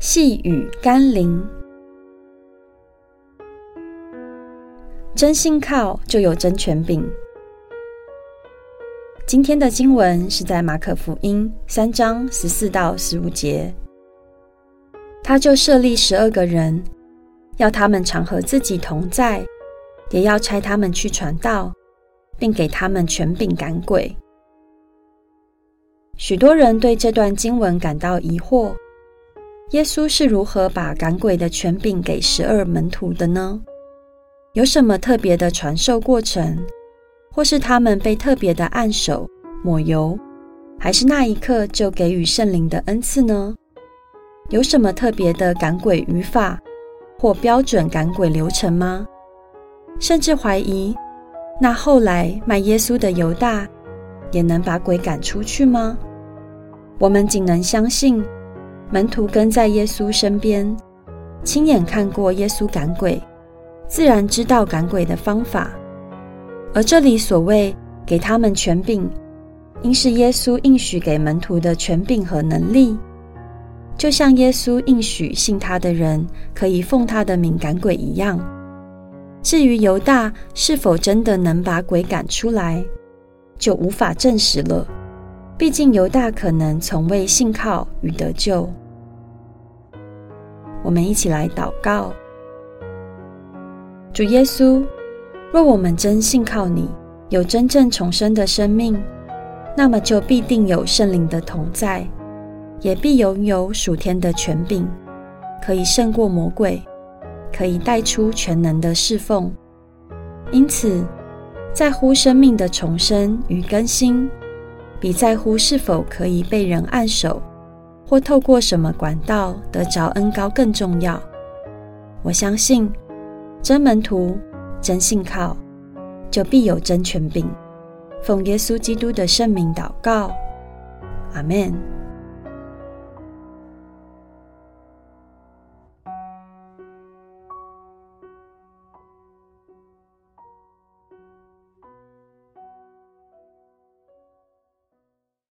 細語甘霖，真信靠就有真權柄。今天的經文是在馬可福音三章十四到十五節，他就設立十二個人，要他們常和自己同在，也要差他們去傳道，並給他們權柄趕鬼。許多人對這段經文感到疑惑。耶穌是如何把趕鬼的權柄給十二門徒的呢？有什麼特別的傳授過程？或是他們被特別的按手、抹油，還是那一刻就給予聖靈的恩賜呢？有什麼特別的趕鬼語法或標準趕鬼流程嗎？甚至懷疑，那後來賣耶穌的猶大也能把鬼趕出去嗎？我們僅能相信。門徒跟在耶穌身邊，親眼看過耶穌趕鬼，自然知道趕鬼的方法。而這裡所謂給他們權柄，應是耶穌應許給門徒的權柄和能力，就像耶穌應許信他的人，可以奉他的名趕鬼一樣。至於猶大是否真的能把鬼趕出來，就無法證實了。畢竟猶大可能從未信靠與得救。我們一起來禱告，主耶穌，若我們真信靠你，有真正重生的生命，那麼就必定有聖靈的同在，也必擁有屬天的權柄，可以勝過魔鬼，可以帶出權能的事奉。因此，在乎生命的重生與更新，比在乎是否可以被人按手，或透過什麼管道得着恩膏更重要。我相信真門徒、真信靠，就必有真權柄。奉耶穌基督的聖名禱告，阿門。